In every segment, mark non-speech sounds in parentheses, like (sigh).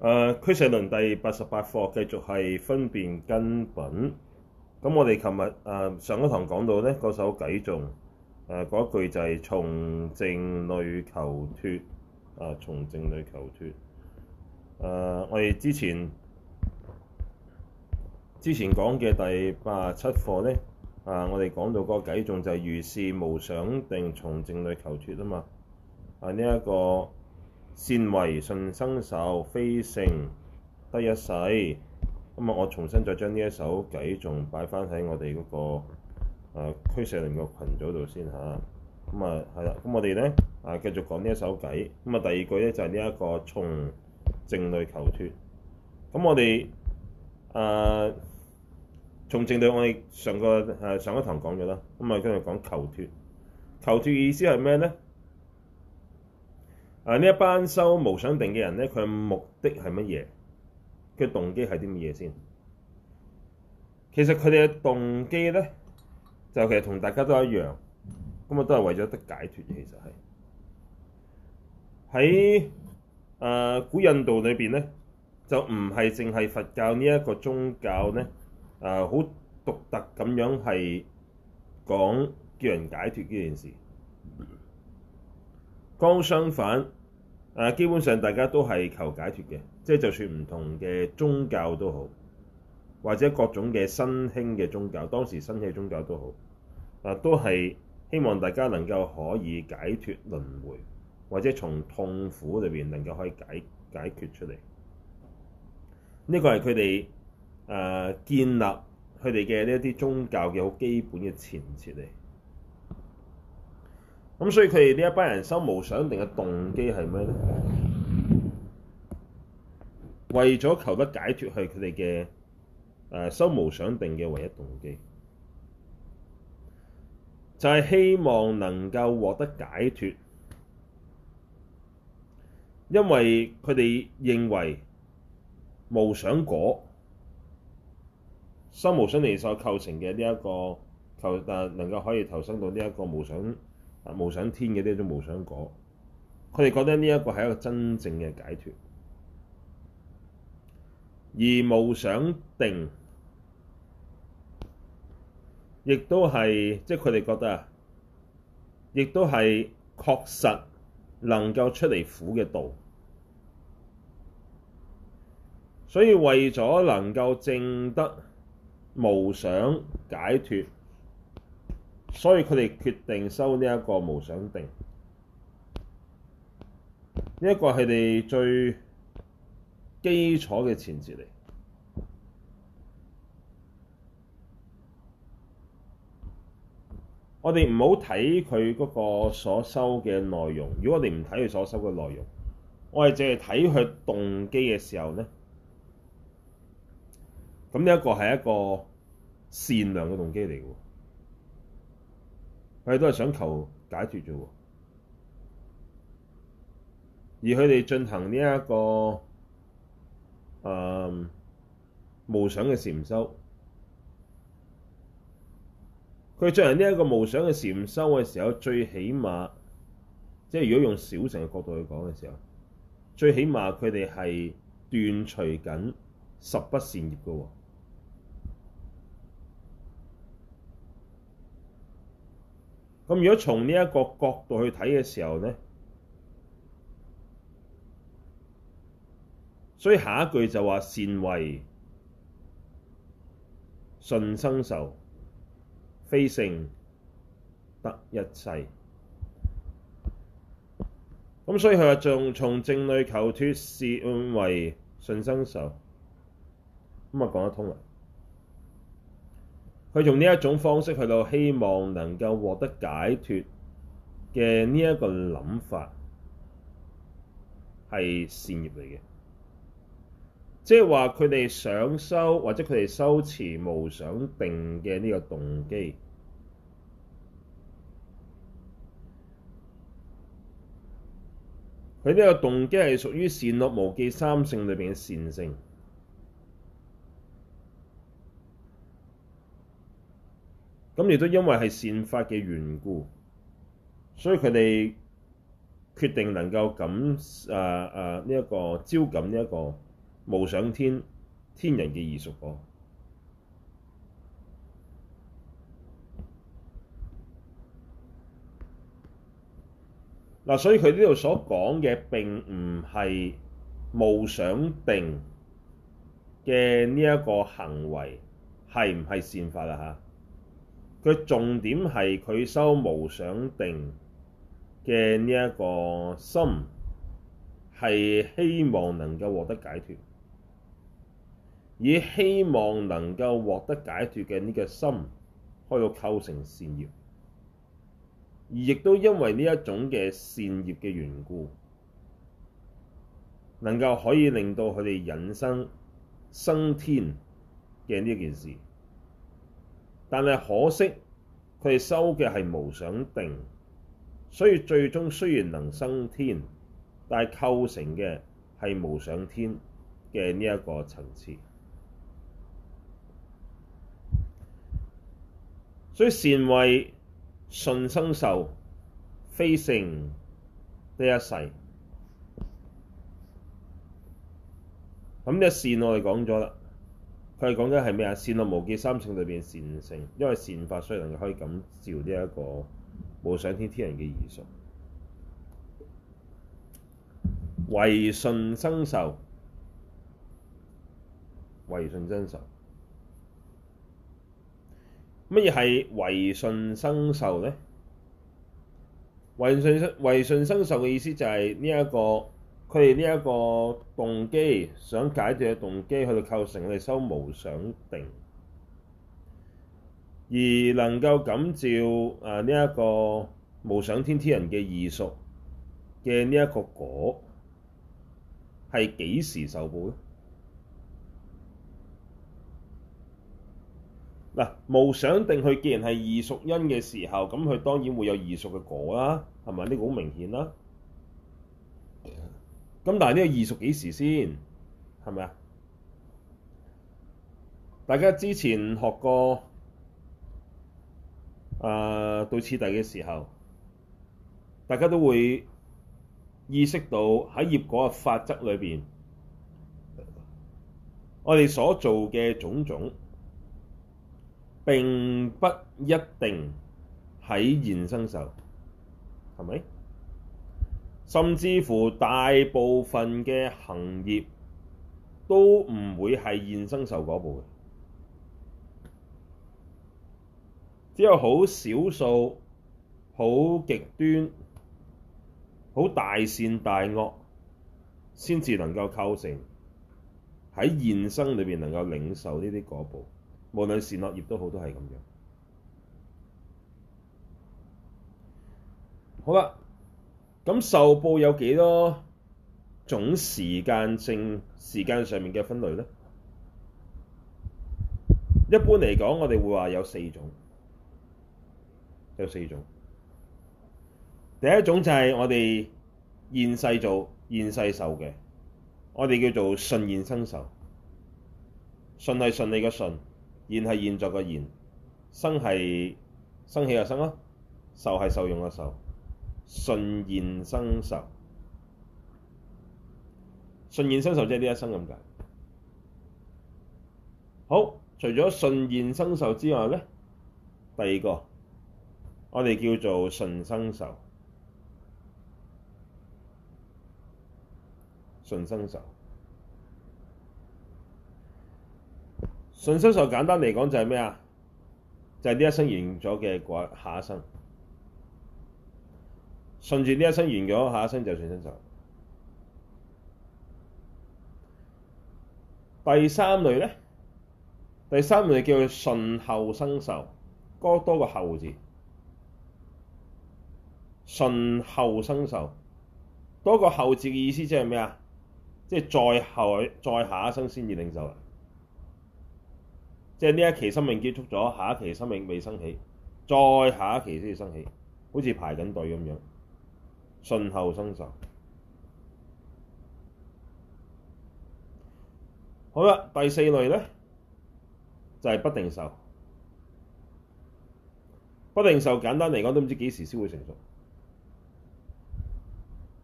誒俱舍論第八十八課繼續係分別根品，咁我哋琴日誒上嗰堂講到咧嗰首偈頌誒嗰、呃、句就係從靜慮求脫，誒、呃、從靜慮求脫。誒、呃、我哋之前之前講嘅第八十七課咧，啊、呃、我哋講到嗰偈頌就係如是無想定從靜慮求脫啊嘛，係呢一個。善唯順生受，非聖得一世。咁啊，我重新再將呢一首偈仲擺翻喺我哋嗰、那個誒俱舍論嘅羣組度先嚇。咁啊，係啦。咁、啊、我哋咧啊，繼續講呢一首偈。咁啊，第二句咧就係呢一個從靜慮求脱。咁我哋啊從靜慮，我哋上個誒、啊、上一堂講咗啦。咁啊，跟住講求脱，求脱意思係咩咧？啊！呢一班修無想定嘅人咧，佢目的係乜嘢？佢動機係啲乜嘢先？其實佢哋嘅動機咧，就其實同大家都一樣，咁啊都係為咗得解脫嘅。其實係喺啊古印度裏邊咧，就唔係淨係佛教呢一個宗教咧，啊、呃、好獨特咁樣係講叫人解脫呢件事。剛相反。誒基本上大家都係求解脱嘅，即係就算唔同嘅宗教都好，或者各種嘅新興嘅宗教，當時新興嘅宗教都好，啊都係希望大家能夠可以解脱輪迴，或者從痛苦裏面能夠可以解解決出嚟。呢個係佢哋誒建立佢哋嘅呢一啲宗教嘅好基本嘅前設嚟。咁所以佢哋呢一班人修無想定嘅動機係咩咧？為咗求得解脫係佢哋嘅誒修無想定嘅唯一動機，就係、是、希望能夠獲得解脫，因為，佢哋認為無想果、修無想定所構成嘅呢一個求，但、呃、能夠可以投生到呢一個無想。無想天嘅呢種無想果，佢哋覺得呢一個係一個真正嘅解脫，而無想定亦都係，即係佢哋覺得啊，亦都係確實能夠出離苦嘅道，所以為咗能夠證得無想解脫。所以佢哋決定收呢一個無想定，呢一個係佢哋最基礎嘅前提嚟。我哋唔好睇佢嗰個所收嘅內容。如果我哋唔睇佢所收嘅內容，我哋淨係睇佢動機嘅時候咧，咁呢一個係一個善良嘅動機嚟嘅喎。佢哋都係想求解脫啫喎，而佢哋進行呢、這、一個啊、嗯、無想嘅禪修，佢進行呢一個無想嘅禪修嘅時候，最起碼即係如果用小乘嘅角度去講嘅時候，最起碼佢哋係斷除緊十不善業嘅喎。咁如果從呢一個角度去睇嘅時候呢，所以下一句就話善唯順生受，非聖得一世。」咁所以佢話從從靜慮求脫，善唯順生受，咁啊講得通啦。佢用呢一種方式去到，希望能夠獲得解脫嘅呢一個諗法，係善業嚟嘅。即係話佢哋想修或者佢哋修持無想定嘅呢個動機，佢呢個動機係屬於善惡無記三性裏邊嘅善性。咁亦都因為係善法嘅緣故，所以佢哋決定能夠感啊啊呢一、這個招感呢一個無想天天人嘅異熟噃。嗱，所以佢呢度所講嘅並唔係無想定嘅呢一個行為係唔係善法啊？嚇！佢重點係佢修無想定嘅呢一個心，係希望能夠獲得解脫，以希望能夠獲得解脫嘅呢個心，可以構成善業，而亦都因為呢一種嘅善業嘅緣故，能夠可以令到佢哋引生生天嘅呢件事。但係可惜，佢哋修嘅係無想定，所以最終雖然能生天，但係構成嘅係無想天嘅呢一個層次。所以善唯順生受非聖得一世，咁呢善我哋講咗啦。佢哋講緊係咩啊？善惡無記三性裏邊善性，因為善法，所以能夠可以感召呢一個無想天天人嘅異熟，唯順生受，唯順生受。乜嘢係唯順生受咧？唯順唯順生受嘅意思就係呢一個，佢哋呢一個動機，想解脫嘅動機，去到構成我哋修無想定，而能夠感召啊呢一個無想天天人嘅異熟嘅呢一個果，係幾時受報咧？嗱、啊，無想定佢既然係異熟因嘅時候，咁佢當然會有異熟嘅果啦，係咪？呢個好明顯啦。咁但係呢個異熟幾時先？係咪啊？大家之前學過誒對此地嘅時候，大家都會意識到喺業果嘅法則裏面，我哋所做嘅種種並不一定喺現生受，係咪？甚至乎大部分嘅行業都唔會係現生受果報嘅，只有好少數、好極端、好大善大惡，先至能夠構成喺現生裏邊能夠領受呢啲果報。無論善惡業都好，都係咁樣。好啦。咁受報有幾多種時間性、時間上面嘅分類呢？一般嚟講，我哋會話有四種，有四種。第一種就係我哋現世做、現世受嘅，我哋叫做順現生受。順係順利嘅順，現係現在嘅現，生係生氣啊，生咯，受係受用啊受。順現生受，順現生受即係呢一生咁解。好，除咗順現生受之外咧，第二個我哋叫做順生，生，生受，順生受，順生受簡單嚟講就係咩啊？就係、是、呢一生完咗嘅嗰下一生。順住呢一生完咗，下一生就算生受。第三類咧，第三類叫做順後生受，多多個後字。順後生受多個後字嘅意思即係咩啊？即係再後再下一生先至領受啦。即係呢一期生命結束咗，下一期生命未生起，再下一期先至生起，好似排緊隊咁樣。順後生受，好啦，第四類咧就係不定受，不定受簡單嚟講都唔知幾時先會成熟。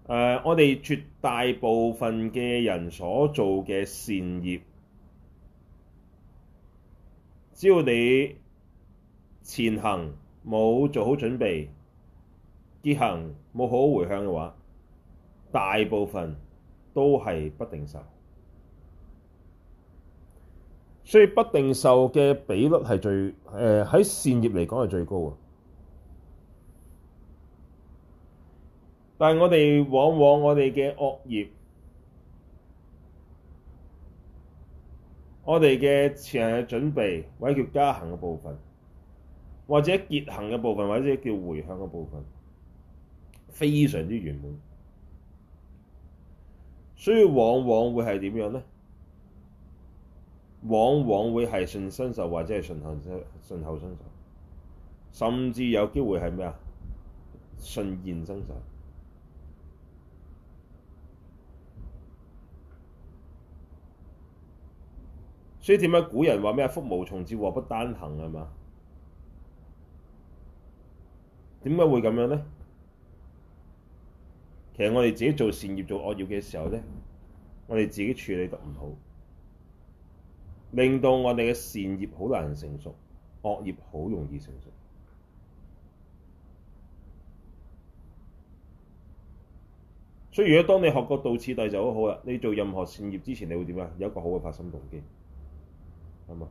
誒，我哋絕大部分嘅人所做嘅善業，只要你前行冇做好準備，結行冇好好回向嘅話，大部分都係不定受，所以不定受嘅比率係最誒喺、呃、善業嚟講係最高啊！但係我哋往往我哋嘅惡業，我哋嘅前行準備或者叫加行嘅部分，或者結行嘅部分，或者叫回向嘅部分。非常之圓滿，所以往往會係點樣呢？往往會係順生受或者係順後生、順後生受，甚至有機會係咩啊？順現生受。所以點解古人話咩啊？福無從至，禍不單行係嘛？點解會咁樣呢？其實我哋自己做善業做惡業嘅時候咧，我哋自己處理得唔好，令到我哋嘅善業好難成熟，惡業好容易成熟。所以如果當你學過道次第就好好啦，你做任何善業之前，你會點啊？有一個好嘅發心動機，係嘛？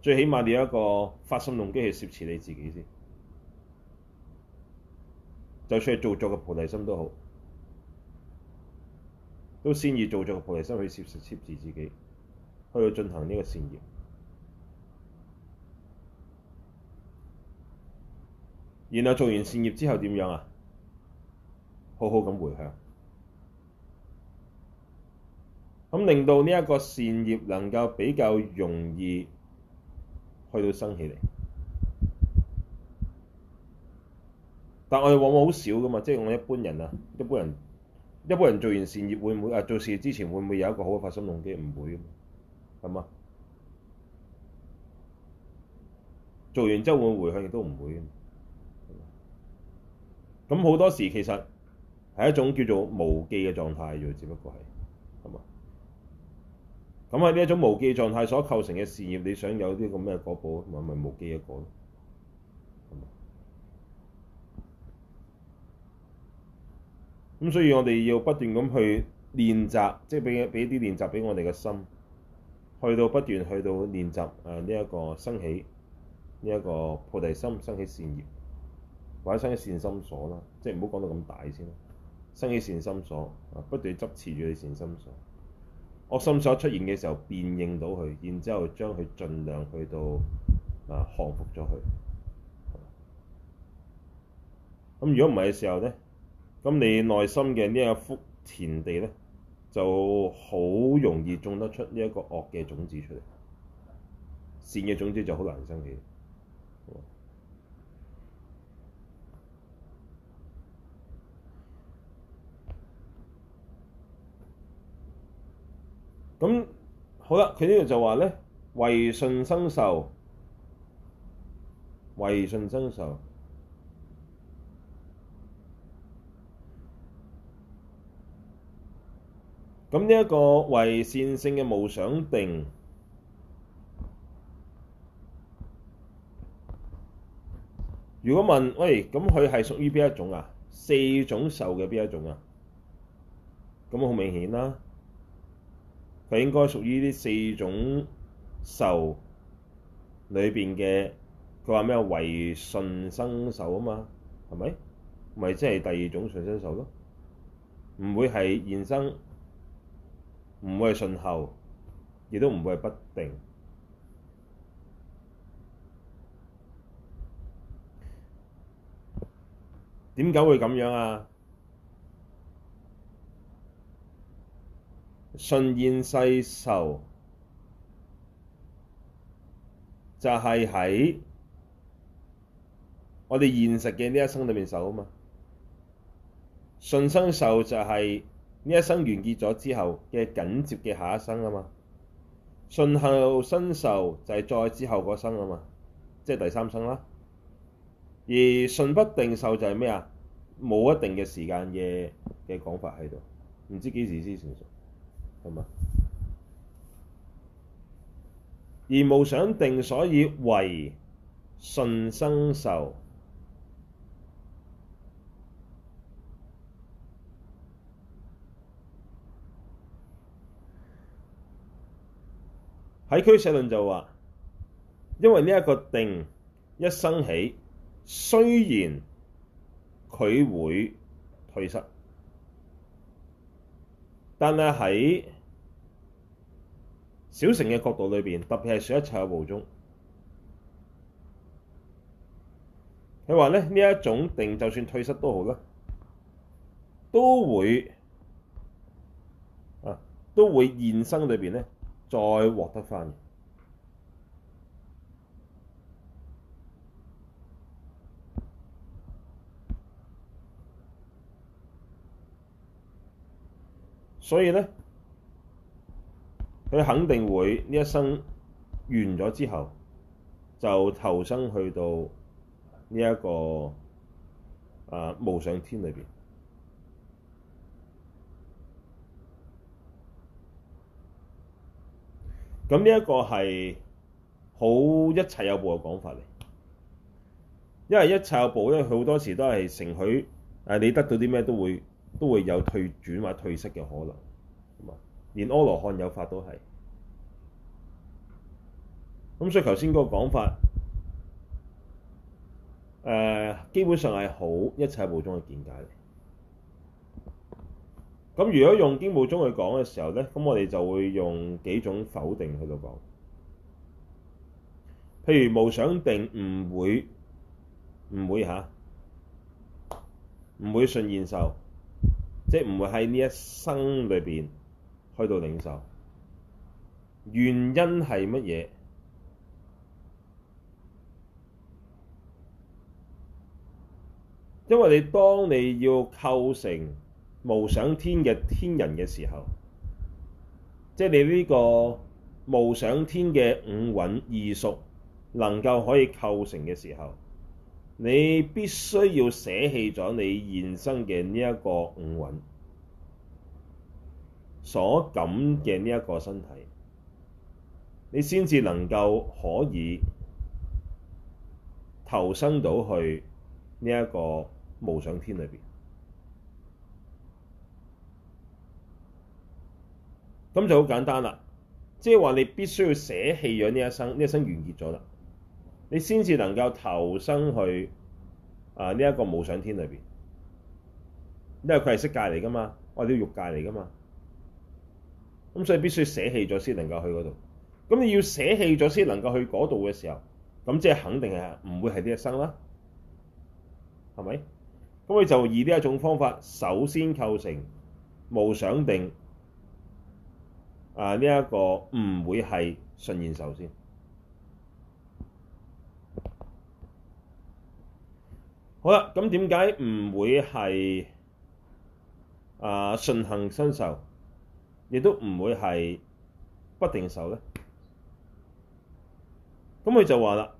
最起碼你有一個發心動機去攝持你自己先。就算係做作嘅菩提心都好，都先以做作嘅菩提心去攝持攝住自己，去到進行呢個善業。然後做完善業之後點樣啊？好好咁回向，咁令到呢一個善業能夠比較容易去到生起嚟。但係我哋往往好少噶嘛，即係我一般人啊，一般人，一般人做完善業會唔會啊？做善業之前會唔會有一個好嘅發心動機？唔會嘅，係嘛？做完之後會回向亦都唔會嘅，咁好多時其實係一種叫做無記嘅狀態，就只不過係，係嘛？咁喺呢一種無記狀態所構成嘅善業，你想有啲咁嘅果報咪咪無記一個咯。咁所以，我哋要不斷咁去練習，即係俾俾啲練習俾我哋嘅心，去到不斷去到練習誒呢一個生起，呢、這、一個菩提心、生起善業，或者生起善心所啦，即係唔好講到咁大先啦。生起善心所，不斷執持住你善心所，惡心所出現嘅時候，辨認到佢，然之後將佢儘量去到啊降伏咗佢。咁、啊、如果唔係嘅時候咧？咁你內心嘅呢一幅田地咧，就好容易種得出呢一個惡嘅種子出嚟，善嘅種子就好難生起。咁好啦，佢呢度就話咧，唯順生受，唯順生受。咁呢一個為善性嘅無想定，如果問，喂，咁佢係屬於邊一種啊？四種受嘅邊一種啊？咁好明顯啦，佢應該屬於呢四種受裏邊嘅。佢話咩啊？為順生受啊嘛，係咪？咪即係第二種順生受咯，唔會係現生。唔會係順後受，亦都唔會係不定。點解會咁樣啊？順現世受就係喺我哋現實嘅呢一生裏面受啊嘛。順生受就係、是。呢一生完結咗之後嘅緊接嘅下一生啊嘛，順後生受就係再之後嗰生啊嘛，即係第三生啦。而順不定受就係咩啊？冇一定嘅時間嘅嘅講法喺度，唔知幾時先成熟，係嘛？而無想定，所以為順生受。喺俱舍論就話，因為呢一個定一生起，雖然佢會退失，但係喺小乘嘅角度裏邊，特別係說一切有部中，佢話咧，呢一種定就算退失都好啦，都會啊，都會現生裏邊咧。再獲得返，所以咧，佢肯定會呢一生完咗之後，就投生去到呢、這、一個啊無想天裏面。咁呢一個係好一切有部嘅講法嚟，因為一切有部，因為好多時都係承許誒你得到啲咩都會都會有退轉或退失嘅可能，咁啊，連阿羅漢有法都係。咁所以頭先嗰個講法誒、呃、基本上係好一切有部中嘅見解。咁如果用經部中去講嘅時候咧，咁我哋就會用幾種否定去到講，譬如無想定唔會，唔會嚇，唔、啊、會順現受，即係唔會喺呢一生裏邊開到領受。原因係乜嘢？因為你當你要構成。無想天嘅天人嘅時候，即係你呢個無想天嘅五蘊異熟能夠可以構成嘅時候，你必須要捨棄咗你現身嘅呢一個五蘊所感嘅呢一個身體，你先至能夠可以投生到去呢一個無想天裏邊。咁就好簡單啦，即係話你必須要捨棄咗呢一生，呢一生完結咗啦，你先至能夠投生去啊呢一個無想天裏邊，因為佢係色界嚟噶嘛，我哋啲欲界嚟噶嘛，咁所以必須捨棄咗先能夠去嗰度。咁你要捨棄咗先能夠去嗰度嘅時候，咁即係肯定係唔會係呢一生啦，係咪？咁佢就以呢一種方法首先構成無想定。啊！呢、這、一個唔會係順現受先好了，好啦。咁點解唔會係啊順後生受，亦都唔會係不定受咧？咁佢就話啦：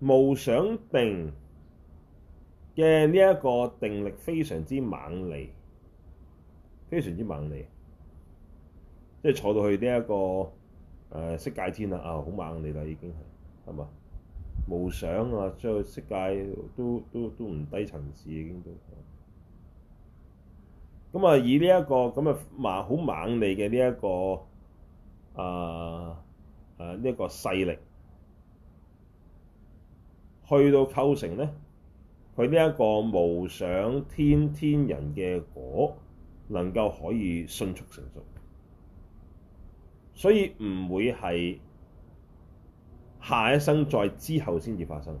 無想定嘅呢一個定力非常之猛利，非常之猛利。即係坐到去呢一個誒色界天啦，啊好猛烈啦已經係，係嘛無想啊，將色界都都都唔低層次已經都。咁、嗯這個這個、啊，以呢一個咁嘅猛好猛烈嘅呢一個啊呢一、這個勢力，去到構成咧，佢呢一個無想天天人嘅果，能夠可以迅速成熟。所以唔會係下一生再之後先至發生。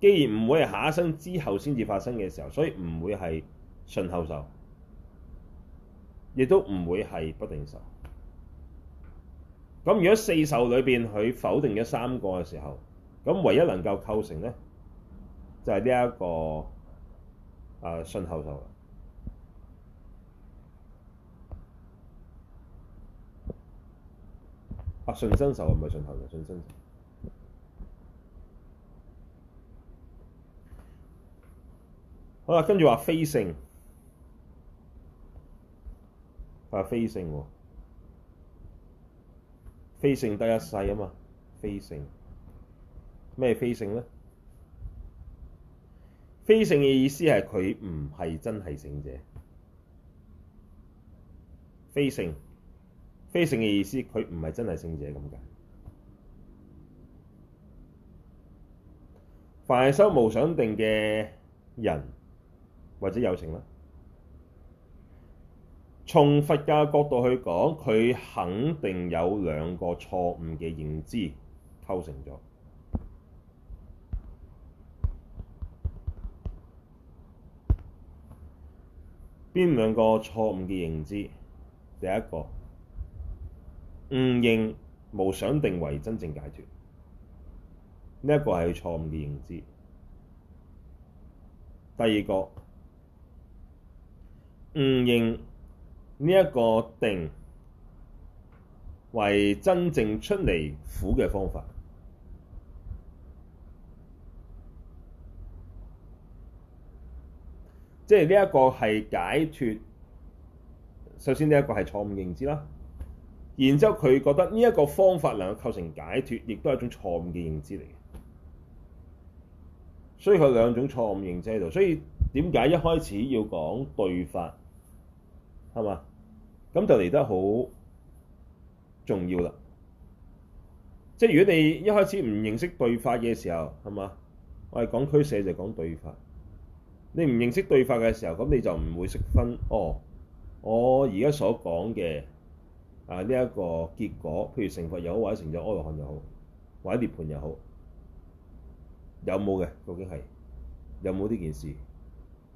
既然唔會係下一生之後先至發生嘅時候，所以唔會係順後受，亦都唔會係不定受。咁如果四受裏邊佢否定咗三個嘅時候，咁唯一能夠構成咧，就係呢一個啊順後受順生受唔係順後啊？順生受好啦，跟住話非聖，話非聖喎，非聖得一世啊嘛，非聖咩？非聖呢？「非聖嘅意思係佢唔係真係聖者，非聖。」非聖嘅意思，佢唔係真係聖者咁解。凡係修無想定嘅人，或者有情啦，從佛教角度去講，佢肯定有兩個錯誤嘅認知構成咗。邊兩個錯誤嘅認知？第一個。誤認無想定為真正解脱，呢一個係錯誤嘅認知。第二個誤認呢一個定為真正出離苦嘅方法，即係呢一個係解脱。首先，呢一個係錯誤認知啦。然之後佢覺得呢一個方法能夠構成解脫，亦都係一種錯誤嘅認知嚟嘅。所以佢兩種錯誤認知喺度。所以點解一開始要講對法，係嘛？咁就嚟得好重要啦。即係如果你一開始唔認識對法嘅時候，係嘛？我係講俱舍就係講對法。你唔認識對法嘅時候，咁你就唔會識分。哦，我而家所講嘅。啊！呢一個結果，譬如成佛又好，或者成咗阿羅漢又好，或者涅盤又好，有冇嘅？究竟係有冇呢件事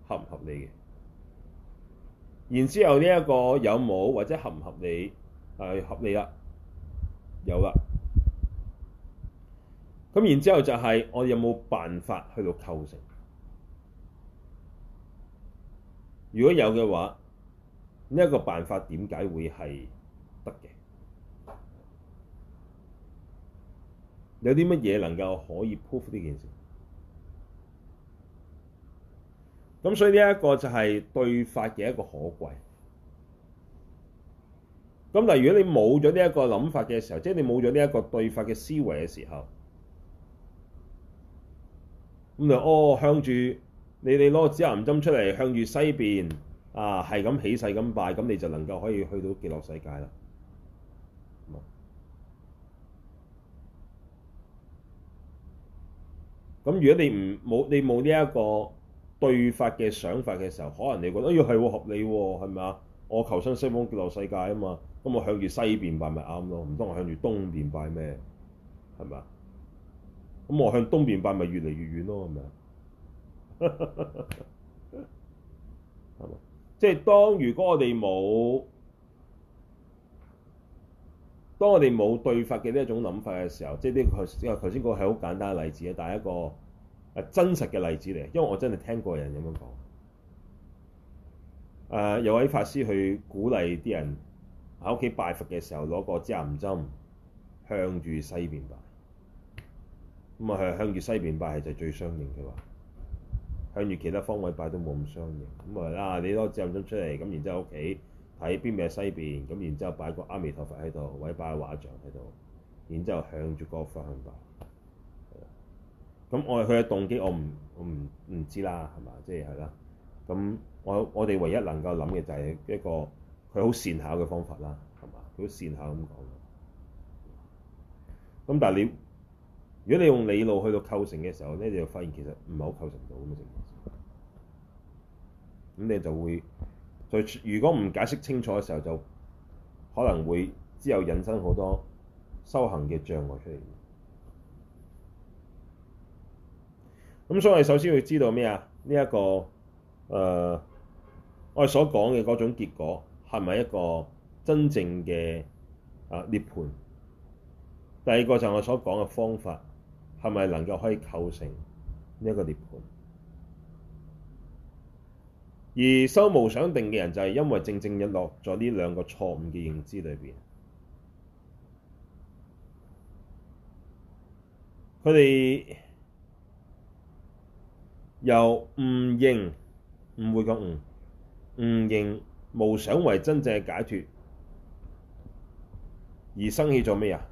合唔合理嘅？然之後呢一個有冇或者合唔合理係合理啦，有啦。咁然之後就係我有冇辦法去到構成？如果有嘅話，呢一個辦法點解會係？得嘅，有啲乜嘢能夠可以 prove 呢件事？咁所以呢一個就係對法嘅一個可貴。咁但係如果你冇咗呢一個諗法嘅時候，即係你冇咗呢一個對法嘅思維嘅時候，咁就哦向住你哋攞指南針出嚟向住西邊啊，係咁起勢咁拜，咁你就能夠可以去到極樂世界啦。咁如果你唔冇你冇呢一個對法嘅想法嘅時候，可能你覺得哎呀，係喎，合理喎，係咪啊？我求生西方極樂世界啊嘛，咁我向住西邊拜咪啱咯，唔通我向住東邊拜咩？係咪啊？咁我向東邊拜咪越嚟越遠咯，係咪啊？係 (laughs) 嘛？即係當如果我哋冇。當我哋冇對法嘅呢一種諗法嘅時候，即係呢個頭先嗰個係好簡單嘅例子啊，但係一個誒真實嘅例子嚟，因為我真係聽過人咁樣講。誒有位法師去鼓勵啲人喺屋企拜佛嘅時候攞個指南針，向住西邊拜。咁啊係向住西邊拜係就最相應嘅話，向住其他方位拜都冇咁相應。咁啊啦，你攞指南針出嚟咁，然之後喺屋企。喺邊邊喺西邊，咁然之後擺個阿彌陀佛喺度，或者擺個畫像喺度，然之後向住個方向擺。咁我佢嘅動機我，我唔、就是、我唔唔知啦，係嘛？即係係啦。咁我我哋唯一能夠諗嘅就係一個佢好善巧嘅方法啦，係嘛？佢好善巧咁講。咁但係你，如果你用理路去到構成嘅時候咧，你就發現其實唔係好構成到咁嘅情況。咁你就會。如果唔解釋清楚嘅時候，就可能會之後引申好多修行嘅障礙出嚟。咁所以我哋首先要知道咩啊？呢、這、一個誒、呃、我哋所講嘅嗰種結果係咪一個真正嘅啊涅槃？第二個就係我所講嘅方法係咪能夠可以構成呢一個涅槃？而修無想定嘅人就係因為正正日落咗呢兩個錯誤嘅認知裏邊，佢哋由誤認誤會講誤誤認無想為真正嘅解脫，而生起咗咩啊？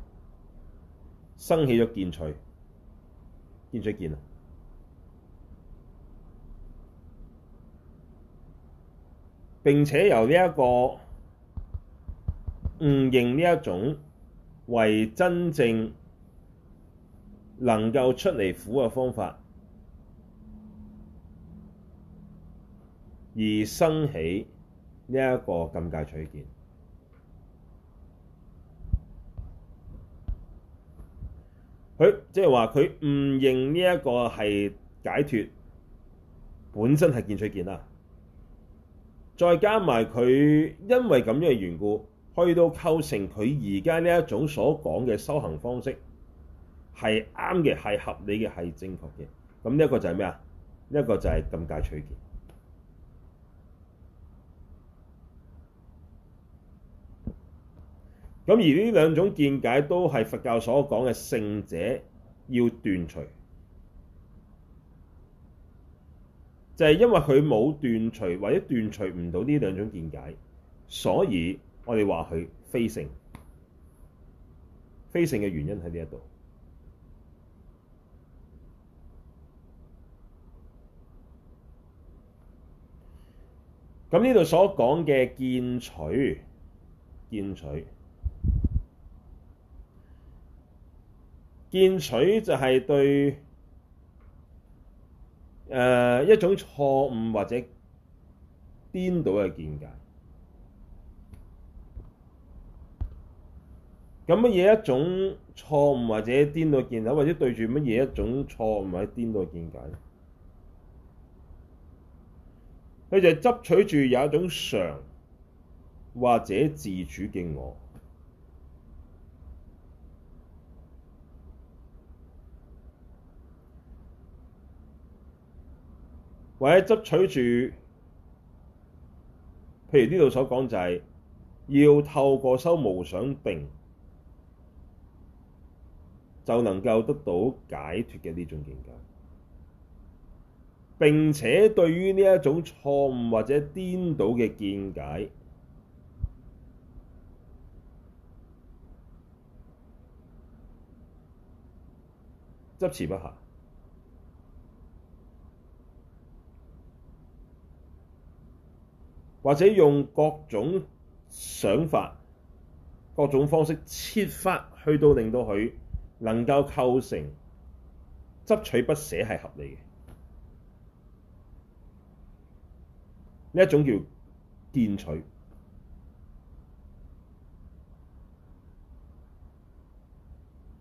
生起咗見取，見取見啦。並且由呢一個誤認呢一種為真正能夠出嚟苦嘅方法，而生起呢一個禁戒取見。佢即係話佢誤認呢一個係解脱，本身係見取見啦。再加埋佢，因為咁樣嘅緣故，去到構成佢而家呢一種所講嘅修行方式是的，係啱嘅，係合理嘅，係正確嘅。咁呢一個就係咩啊？呢、這、一個就係禁戒取見。咁而呢兩種見解都係佛教所講嘅聖者要斷除。就係因為佢冇斷除或者斷除唔到呢兩種見解，所以我哋話佢非聖。非聖嘅原因喺呢一度。咁呢度所講嘅見取、見取、見取就係對。誒、uh, 一種錯誤或者顛倒嘅見解，咁乜嘢一種錯誤或者顛倒見解，或者對住乜嘢一種錯誤或者顛倒嘅見解，佢就係執取住有一種常或者自主嘅我，或者執取住，譬如呢度所講就係要透過修無想定，就能夠得到解脫嘅呢種見解。並且對於呢一種錯誤或者顛倒嘅見解，執持不下。或者用各種想法、各種方式，設法去到令到佢能夠構成執取不捨係合理嘅，呢一種叫見取。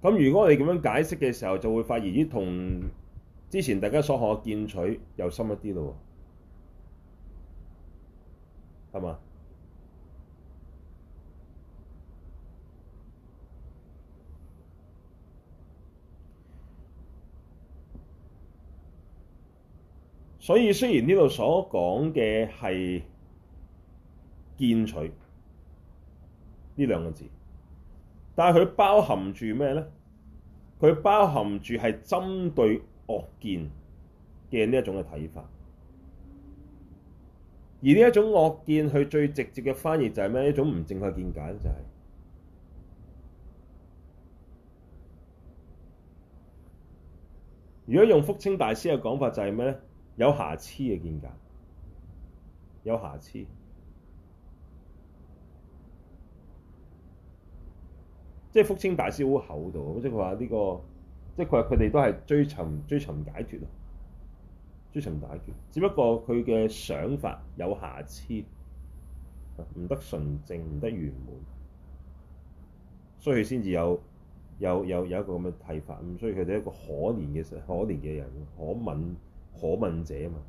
咁如果我哋咁樣解釋嘅時候，就會發現咦，同之前大家所學嘅見取又深一啲咯。係嘛，所以雖然呢度所講嘅係見取呢兩個字，但係佢包含住咩咧？佢包含住係針對惡見嘅呢一種嘅睇法。而呢一種惡見，佢最直接嘅翻譯就係咩？一種唔正確見解就係。如果用福清大師嘅講法，就係咩咧？有瑕疵嘅見解，有瑕疵。即係福清大師好厚道，即係佢話呢個，即係佢話佢哋都係追尋、追尋解脫咯。追求打拳，只不過佢嘅想法有瑕疵，唔得純正，唔得圓滿，所以佢先至有有有有一個咁嘅睇法。咁所以佢哋一個可憐嘅、可憐嘅人，可憫可憫者啊嘛。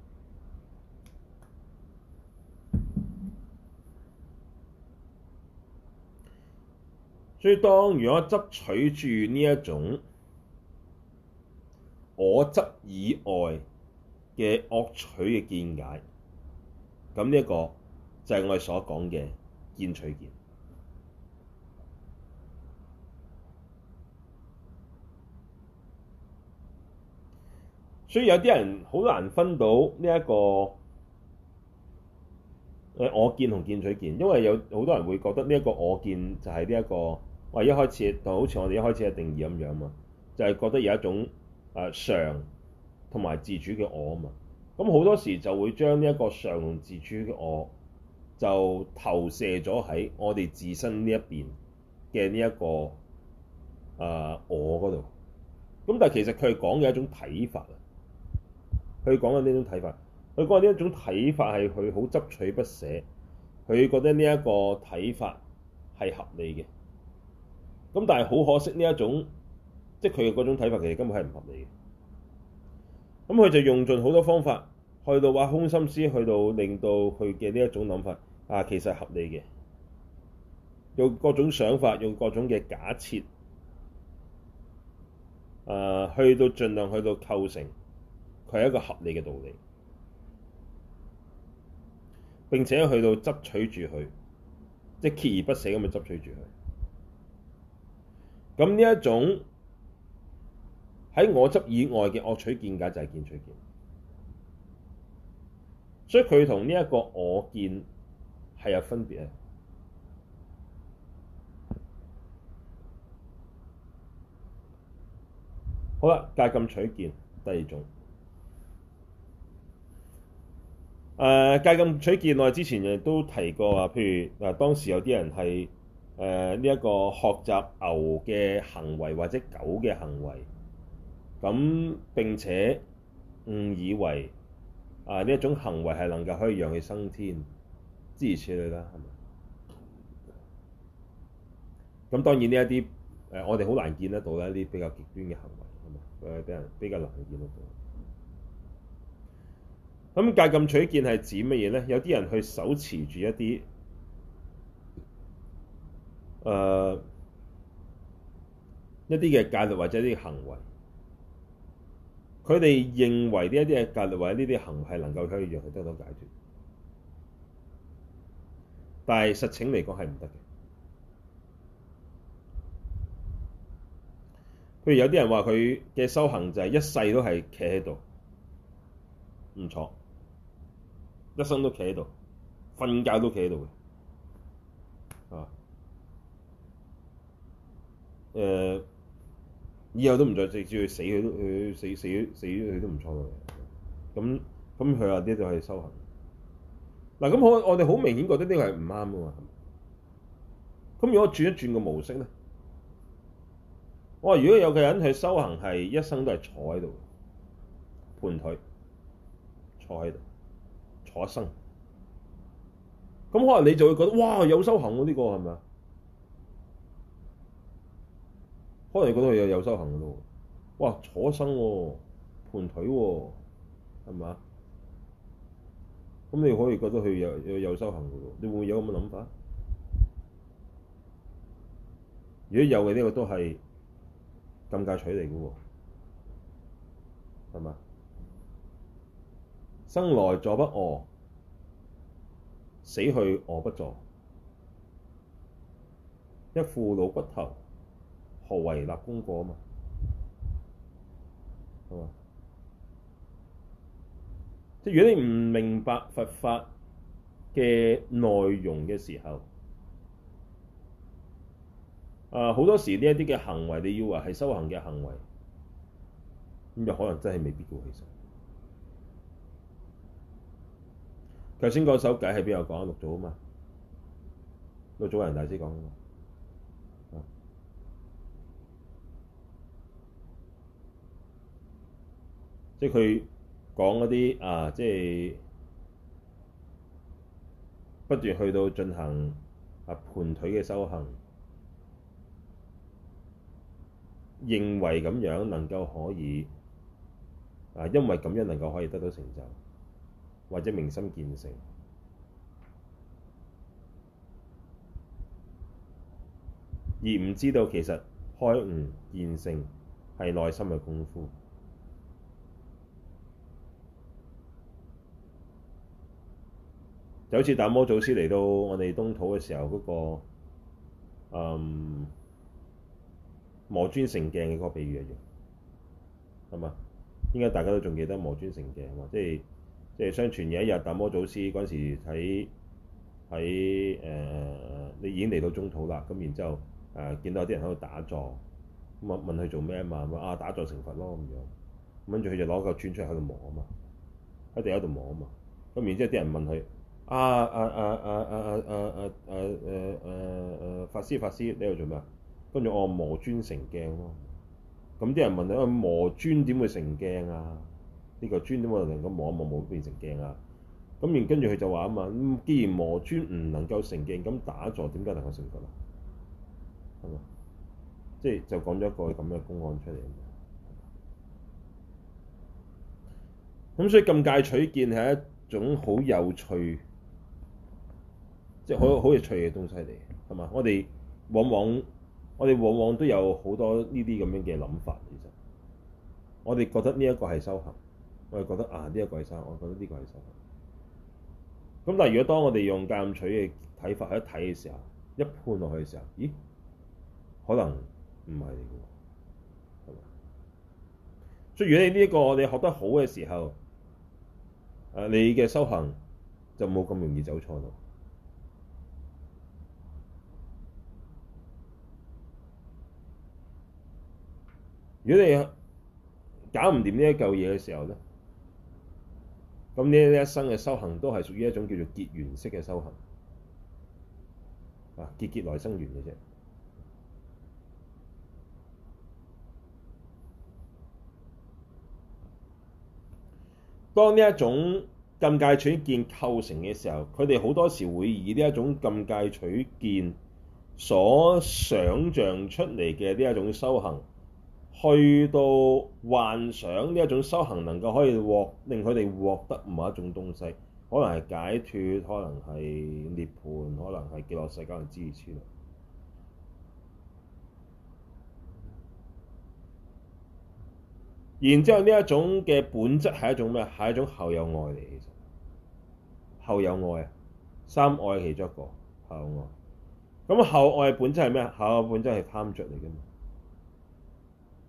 所以當如果執取住呢一種我執以外，嘅惡取嘅見解，咁呢一個就係我哋所講嘅見取見，所以有啲人好難分到呢一個誒我見同見取見，因為有好多人會覺得呢一個我見就係呢一個，我、哎、一開始就好似我哋一開始嘅定義咁樣嘛，就係、是、覺得有一種誒、呃、常。同埋自主嘅我啊嘛，咁好多時就會將呢一個常一自主嘅我，就投射咗喺我哋自身呢一邊嘅呢一個啊、呃、我嗰度。咁但係其實佢係講嘅一種睇法啊，佢講嘅呢種睇法，佢講嘅呢一種睇法係佢好執取不捨，佢覺得呢一個睇法係合理嘅。咁但係好可惜呢一種，即係佢嘅嗰種睇法其實根本係唔合理嘅。咁佢就用盡好多方法，去到挖空心思，去到令到佢嘅呢一種諗法啊，其實係合理嘅，用各種想法，用各種嘅假設，啊，去到盡量去到構成佢係一個合理嘅道理，並且去到執取住佢，即係鍥而不捨咁去執取住佢。咁呢一種。喺我執以外嘅惡取見解就係見取見，所以佢同呢一個我見係有分別嘅。好啦，戒禁取見第二種誒，戒禁取見我之前亦都提過話，譬如嗱，當時有啲人係誒，呢一個學習牛嘅行為或者狗嘅行為。咁並且誤以為啊呢一種行為係能夠可以揚氣生天，諸如此類啦，係咪？咁當然呢一啲誒，我哋好難見得到啦。一啲比較極端嘅行為，係咪？誒，啲人比較難見得到。咁戒禁取見係指乜嘢咧？有啲人去守持住一啲誒、呃、一啲嘅戒律或者一啲行為。佢哋認為呢一啲嘢，戒律或者呢啲行係能夠可以讓佢得到解決的，但係實情嚟講係唔得嘅。譬如有啲人話佢嘅修行就係一世都係企喺度，唔坐，一生都企喺度，瞓覺都企喺度嘅，啊，呃以後都唔再直接去死佢，佢死死死咗佢都唔錯，咁咁佢話呢度係修行。嗱，咁我我哋好明顯覺得呢個係唔啱嘅嘛。咁如果轉一轉個模式咧，我話如果有個人去修行係一生都係坐喺度，盤腿坐喺度，坐一生，咁可能你就會覺得哇，有修行喎呢個係咪啊？可能你覺得佢有有修行嘅咯，哇坐生喎、啊，盤腿喎、啊，係咪？咁你可以覺得佢有有有修行嘅喎，你會唔會有咁嘅諗法？如果有嘅呢、這個都係金戒取嚟嘅喎，係咪？生來坐不餓，死去餓不坐，一副老骨頭。何為立功過啊？嘛，係嘛？即係如果你唔明白佛法嘅內容嘅時候，啊好多時呢一啲嘅行為，你要話係修行嘅行為，咁就可能真係未必嘅。其實，頭先講首偈喺邊度講啊？說六祖啊嘛，六祖人大師講即係佢講嗰啲啊，即係不斷去到進行啊盤腿嘅修行，認為咁樣能夠可以啊，因為咁樣能夠可以得到成就，或者明心見性，而唔知道其實開悟見性係內心嘅功夫。就好似達摩祖師嚟到我哋東土嘅時候，那個，嗰、嗯、個磨磚成鏡嘅嗰個比喻一樣，咁啊，應該大家都仲記得磨磚成鏡喎，即係即係相傳有一日，達摩祖師嗰陣時喺喺、呃、你已經嚟到中土啦，咁然後之後誒、呃、見到有啲人喺度打坐，咁啊問佢做咩啊嘛，咁啊打坐成佛咯咁樣，跟住佢就攞嚿磚出嚟喺度磨啊嘛，一定喺度磨啊嘛，咁然之後啲人問佢。啊啊啊啊啊啊啊啊啊啊啊！法師法師，你喺度做咩？跟住我磨磚成鏡咯。咁啲人問你：啊磨磚點會成鏡啊？呢個磚點會能夠磨一磨一磨變成鏡啊？咁然跟住佢就話啊嘛，既然磨磚唔能夠成鏡，咁打坐點解能夠成佛啊？係咪？即係就講咗一個咁嘅公案出嚟。咁所以禁戒取見係一種好有趣。即係好好有趣嘅東西嚟，係嘛？我哋往往我哋往往都有好多呢啲咁樣嘅諗法。其實我哋覺得呢一個係修行，我哋覺得啊呢、呢個係修行，我覺得呢個係修行。咁但係如果當我哋用見取嘅睇法去睇嘅時候，一判落去嘅時候，咦？可能唔係㗎，係嘛？所以如果你呢一個你學得好嘅時候，誒你嘅修行就冇咁容易走錯路。如果你搞唔掂呢一嚿嘢嘅時候咧，咁呢一生嘅修行都係屬於一種叫做結緣式嘅修行啊，結結來生緣嘅啫。當呢一種禁戒取見構成嘅時候，佢哋好多時會以呢一種禁戒取見所想像出嚟嘅呢一種修行。去到幻想呢一種修行能夠可以獲令佢哋獲得某一種東西，可能係解脫，可能係涅槃，可能係寄落世界去支撐。然之後呢一種嘅本質係一種咩？係一種後有愛嚟，其實後有愛啊，三愛其中一個後愛。咁後愛嘅本質係咩？後愛本質係貪着嚟㗎嘛。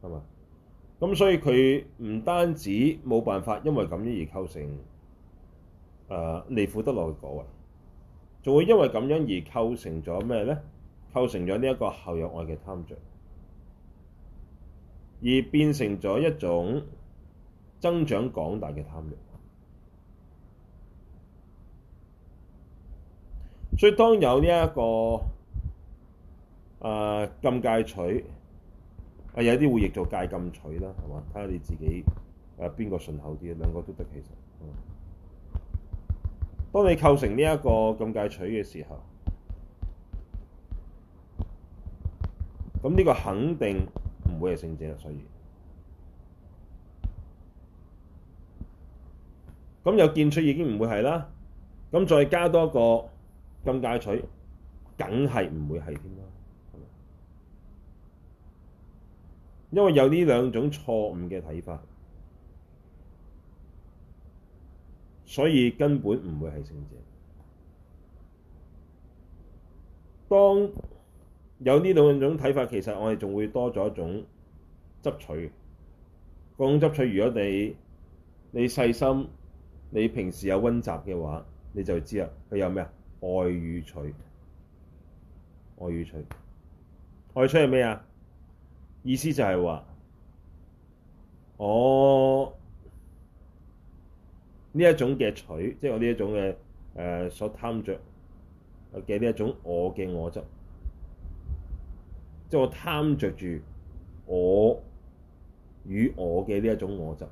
係嘛？咁所以佢唔單止冇辦法因為咁樣而構成誒離苦得樂嘅果位，仲會因為咁樣而構成咗咩咧？構成咗呢一個後有愛嘅貪著，而變成咗一種增長廣大嘅貪欲。所以當有呢、這、一個誒、呃、禁戒取。啊，有啲會譯做戒禁取啦，係嘛？睇下你自己，啊、呃、邊個順口啲，兩個都得其實。嗯，當你構成呢一個禁戒取嘅時候，咁呢個肯定唔會係聖者，所以，咁有見取已經唔會係啦，咁再加多個禁戒取，梗係唔會係添啦。因為有呢兩種錯誤嘅睇法，所以根本唔會係聖者。當有呢兩種睇法，其實我哋仲會多咗一種執取。嗰種執取，如果你你細心，你平時有温習嘅話，你就會知啦。佢有咩啊？我語取，我語取，我語取係咩啊？意思就係話，我呢一種嘅取，即係我呢一種嘅誒，所貪着嘅呢一種我嘅我執，即係我貪着住我與我嘅呢一種我執，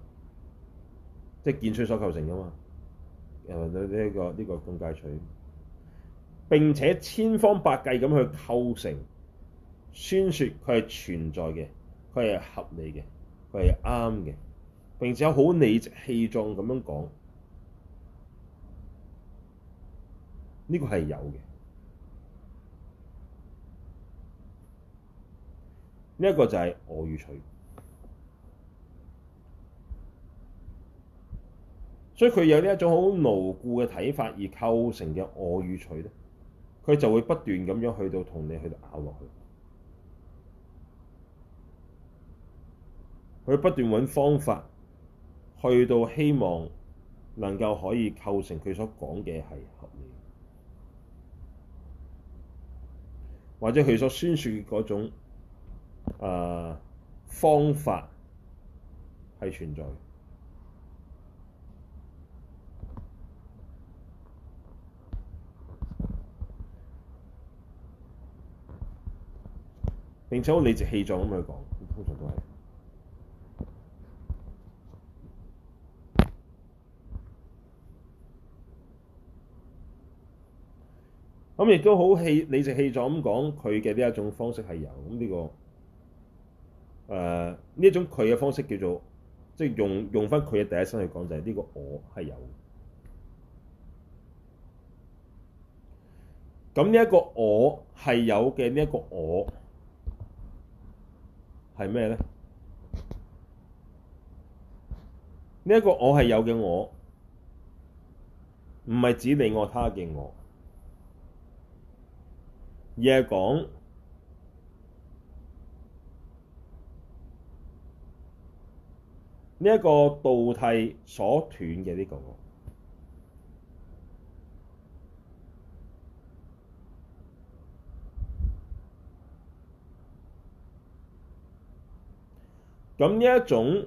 即係見取所構成噶嘛？誒，呢個呢個禁戒取，並且千方百計咁去構成。宣説佢係存在嘅，佢係合理嘅，佢係啱嘅，並且有好理直氣壯咁樣講，呢、這個係有嘅。呢、這、一個就係我語取，所以佢有呢一種好牢固嘅睇法而構成嘅我語取咧，佢就會不斷咁樣去到同你去到咬落去。佢不斷揾方法，去到希望能夠可以構成佢所講嘅係合理，或者佢所宣説嗰種、呃、方法係存在，並且好理直氣壯咁去講，通常都係。咁亦都好氣理直氣壯咁講，佢嘅呢一種方式係有咁呢個，誒呢一種佢嘅方式叫做，即係用用翻佢嘅第一身去講，就係呢個我係有。咁呢一個我係有嘅呢一個我係咩咧？呢一個我係有嘅我，唔係指你我他嘅我。亦係講呢一個道諦所斷嘅呢個我，咁呢一種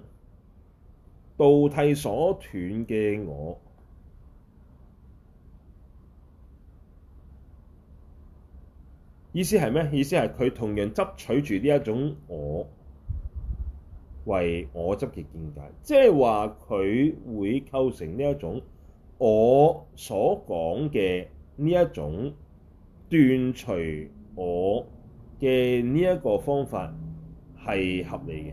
道諦所斷嘅我。意思係咩？意思係佢同樣執取住呢一種我為我執嘅見解，即係話佢會構成呢一種我所講嘅呢一種斷除我嘅呢一個方法係合理嘅，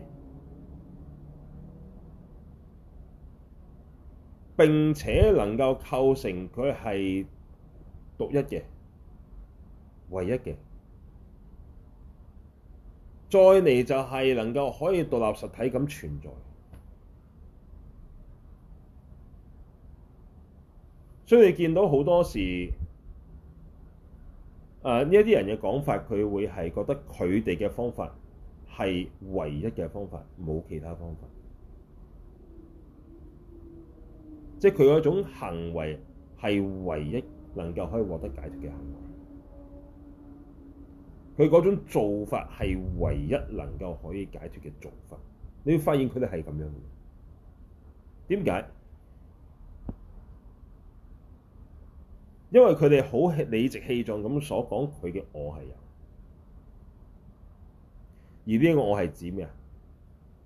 並且能夠構成佢係獨一嘅、唯一嘅。再嚟就係能夠可以獨立實體咁存在，所以你見到好多時，誒呢一啲人嘅講法，佢會係覺得佢哋嘅方法係唯一嘅方法，冇其他方法，即係佢嗰種行為係唯一能夠可以獲得解決嘅行為。佢嗰種做法係唯一能夠可以解脫嘅做法。你要發現佢哋係咁樣嘅，點解？因為佢哋好理直氣壯咁所講，佢嘅我係有，而呢個我係指咩啊？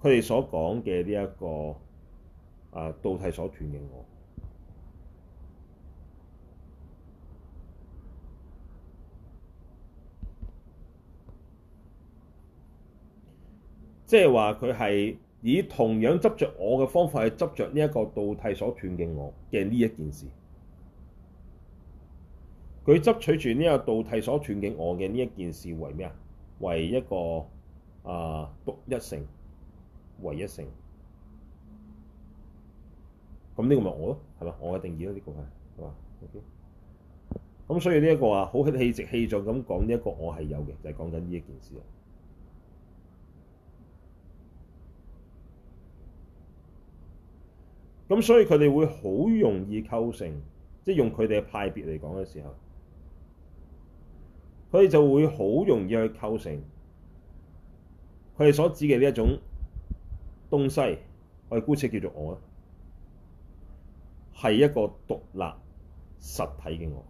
佢哋所講嘅呢一個啊，道諦所斷嘅我。即係話佢係以同樣執着我嘅方法去執着呢一個道諦所斷嘅我嘅呢一件事，佢執取住呢個道諦所斷嘅我嘅呢一件事為咩啊？為一個啊獨、呃、一性、唯一性。咁呢個咪我咯，係咪？我嘅定義咯，呢、這個係係嘛？O K。咁、okay. 所以呢一個啊，好理直氣壯咁講呢一個我係有嘅，就係講緊呢一件事啊。咁所以佢哋會好容易構成，即係用佢哋嘅派別嚟講嘅時候，佢哋就會好容易去構成佢哋所指嘅呢一種東西，我哋姑且叫做我啦，係一個獨立實體嘅我。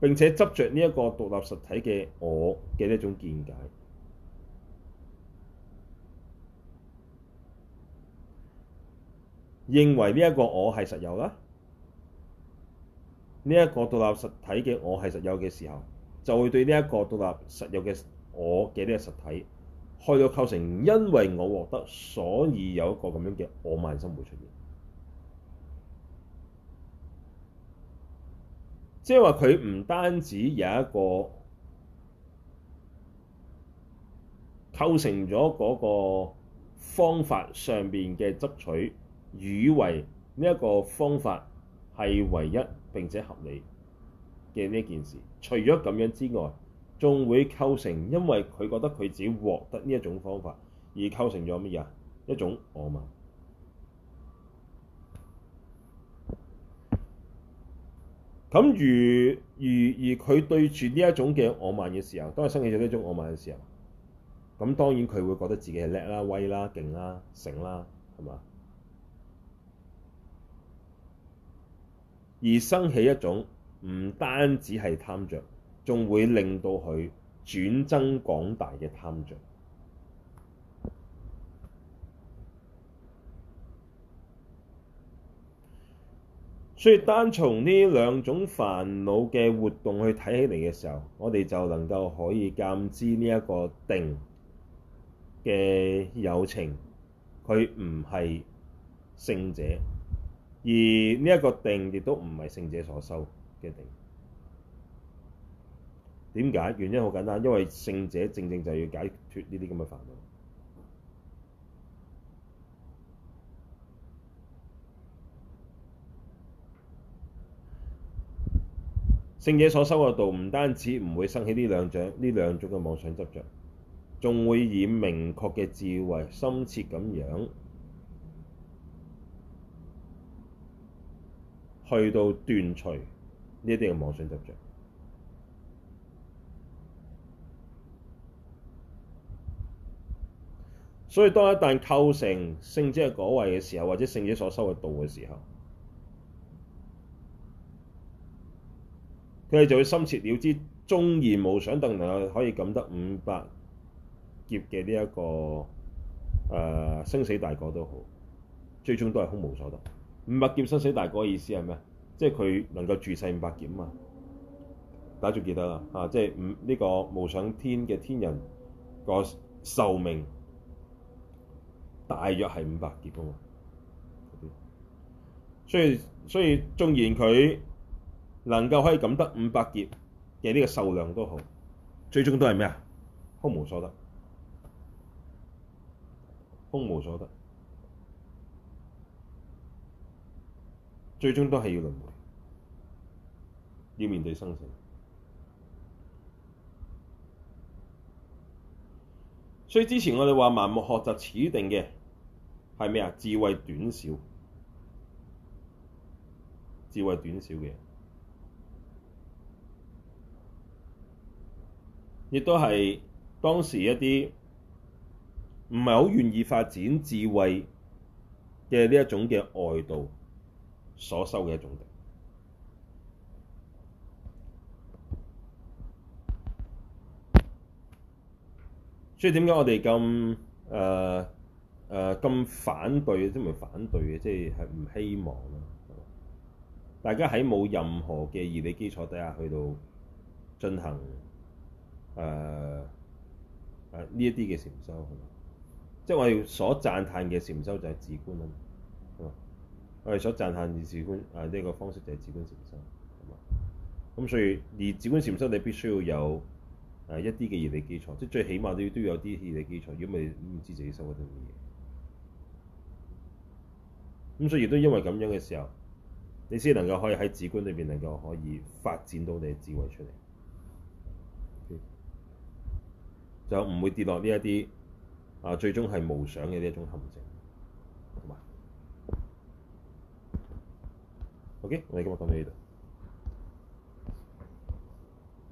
並且執着呢一個獨立實體嘅我嘅一種見解，認為呢一個我係實有啦，呢一個獨立實體嘅我係實有嘅時候，就會對呢一個獨立實有嘅我嘅呢個實體，去到構成，因為我獲得，所以有一個咁樣嘅我慢生會出現。即係話佢唔單止有一個構成咗嗰個方法上邊嘅執取，以為呢一個方法係唯一並且合理嘅呢件事，除咗咁樣之外，仲會構成因為佢覺得佢自己獲得呢一種方法而構成咗乜嘢？一種我慢。咁如如而佢對住呢一種嘅我慢嘅時候，當佢生起咗呢種我慢嘅時候，咁當然佢會覺得自己係叻啦、威啦、勁啦、成啦，係嘛？而生起一種唔單止係貪着，仲會令到佢轉增廣大嘅貪着。所以單從呢兩種煩惱嘅活動去睇起嚟嘅時候，我哋就能夠可以鑑知呢一個定嘅有情，佢唔係聖者，而呢一個定亦都唔係聖者所修嘅定。點解？原因好簡單，因為聖者正正就要解脫呢啲咁嘅煩惱。聖者所修嘅道唔單止唔會生起呢兩種呢兩種嘅妄想執着，仲會以明確嘅智慧、深切咁樣去到斷除呢啲嘅妄想執着。所以當一旦構成聖者嗰位嘅時候，或者聖者所修嘅道嘅時候。佢哋就會深切了知，縱然無想，但能夠可以咁得五百劫嘅呢一個誒、呃、生死大果都好，最終都係空無所得。五百劫生死大果嘅意思係咩？即係佢能夠住世五百劫啊嘛！大家仲記得啦嚇、啊，即係五呢、呢個無想天嘅天人個壽命大約係五百劫噶嘛。所以所以縱然佢。能夠可以感得五百劫嘅呢個壽量都好，最終都係咩啊？空無所得，空無所得，最終都係要輪迴，要面對生死。所以之前我哋話盲目學習此定嘅係咩啊？智慧短少，智慧短少嘅亦都係當時一啲唔係好願意發展智慧嘅呢一種嘅外道所收嘅一種。所以點解我哋咁誒、誒咁反對？即係唔反對嘅，即係係唔希望咯。大家喺冇任何嘅義理基礎底下，去到進行。誒誒呢一啲嘅禪修，即係我哋所讚歎嘅禪修就係自觀啊嘛，我哋所讚歎嘅自觀啊呢一、這個方式就係自觀禪修，咁所以而自觀禪修你必須要有誒、啊、一啲嘅義理基礎，即係最起碼都要都有啲義理基礎，如果你唔知自己修緊啲乜嘢。咁所以亦都因為咁樣嘅時候，你先能夠可以喺自觀裏邊能夠可以發展到你嘅智慧出嚟。就唔會跌落呢一啲啊，最終係無想嘅呢種種陷阱，係 o k 我哋今續講到二度。